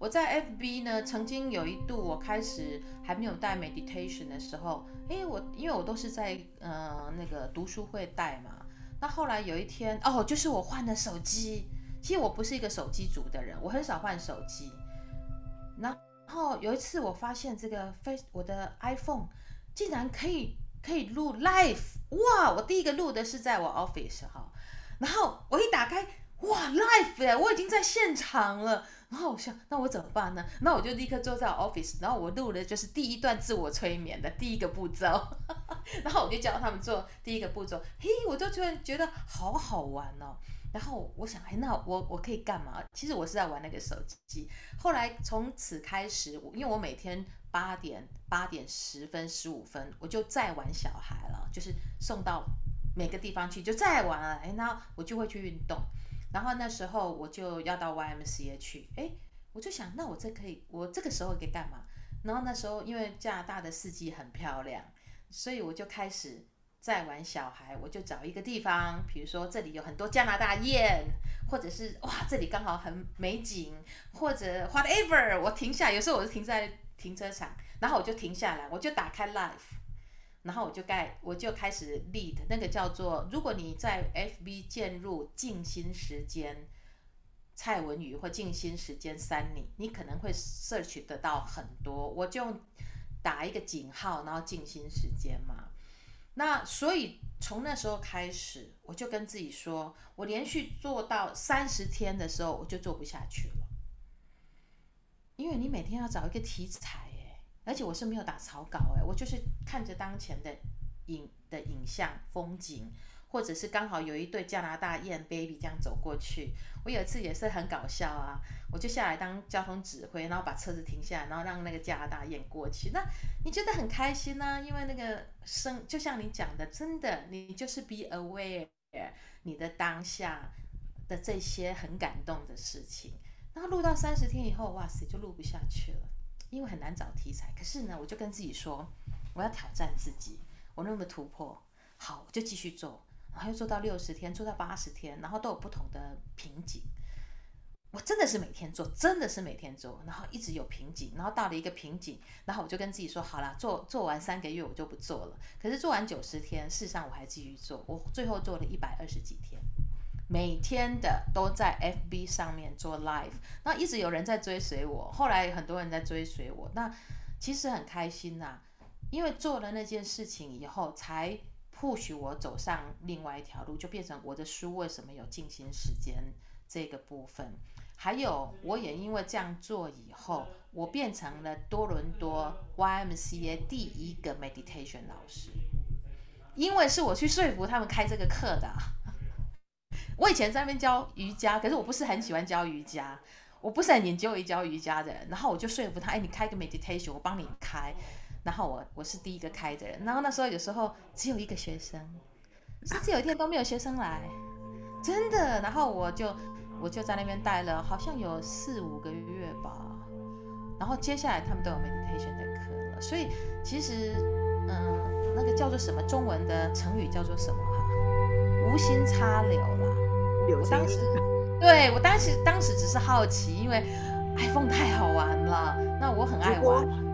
我在 FB 呢，曾經有一度我開始還沒有帶 meditation 的時候，哎，我因為我都是在嗯，呃，那個讀書會帶嘛，那後來有一天哦，就是我換了手機。其實我不是一個手機族的人，我很少換手機。然後有一次我發現這個 Face 我的 iPhone 竟然可以可以錄 live，哇！我第一個錄的是在我 office 哈，然後我一打開。哇，life 耶！我已經在現場了。然後我想，那我怎麼辦呢？那我就立刻坐在 office，然後我錄了就是第一段自我催眠的第一個步驟呵呵。然後我就教他們做第一個步驟。嘿，我就突然覺得好好玩哦。然後我想，哎，那我我可以幹嘛？其實我是在玩那個手機。後來從此開始，因為我每天八點八點十分十五分，我就再玩小孩了，就是送到每個地方去就再玩了。哎，那我就會去運動。然後那時候我就要到 YMCA 去，哎，我就想，那我這可以，我這個時候可以幹嘛？然後那時候因為加拿大的四季很漂亮，所以我就開始在玩小孩，我就找一個地方，比如說這裡有很多加拿大雁，或者是哇，這裡剛好很美景，或者 whatever，我停下，有時候我就停在停車場，然後我就停下來，我就打開 Life。然後我就蓋，我就開始 lead，那個叫做，如果你在 FB 建入靜心時間，蔡文宇或靜心時間三年，你可能會 search 得到很多。我就打一個井號，然後靜心時間嘛。那所以從那時候開始，我就跟自己說，我連續做到三十天的時候，我就做不下去了，因為你每天要找一個題材。而且我是沒有打草稿誒，我就是看着當前的影的影像風景，或者是剛好有一對加拿大雁 baby 這樣走過去。我有一次也是很搞笑啊，我就下來當交通指揮，然後把車子停下來，然後讓那個加拿大雁過去。那你覺得很開心呢啊？因為那個生就像你講的，真的，你就是 be aware 你的當下的這些很感動的事情。然後錄到三十天以後，哇塞，就錄不下去了。因為很難找題材，可是呢，我就跟自己說，我要挑戰自己，我能不能突破？好，我就繼續做，然後又做到六十天，做到八十天，然後都有不同的瓶頸。我真的是每天做，真的是每天做，然後一直有瓶頸，然後到了一個瓶頸，然後我就跟自己說，好了，做做完三個月我就不做了。可是做完九十天，事實上我還繼續做，我最後做了一百二十幾天。每天的都在 FB 上面做 live，那一直有人在追隨我，後來很多人在追隨我，那其實很開心吶、啊，因為做了那件事情以後，才 push 使我走上另外一條路，就變成我的書為什麼有靜心時間這個部分，還有我也因為這樣做以後，我變成了多倫多 YMCA 第一個 meditation 老師，因為是我去說服他們開這個課的。我以前在那邊教瑜伽，可是我不是很喜歡教瑜伽，我不是很研究一教瑜伽的人。然後我就說服他，哎，你開個 meditation，我幫你開。然後我我是第一個開的人。然後那時候有時候只有一個學生，甚至有一天都沒有學生來，真的。然後我就我就在那邊待了好像有四五個月吧。然後接下來他們都有 meditation 的課了。所以其實，嗯，那個叫做什麼，中文的成語叫做什麼哈、啊？無心插柳了。我當時，對，我當時當時只是好奇，因為 iPhone 太好玩了，那我很愛玩。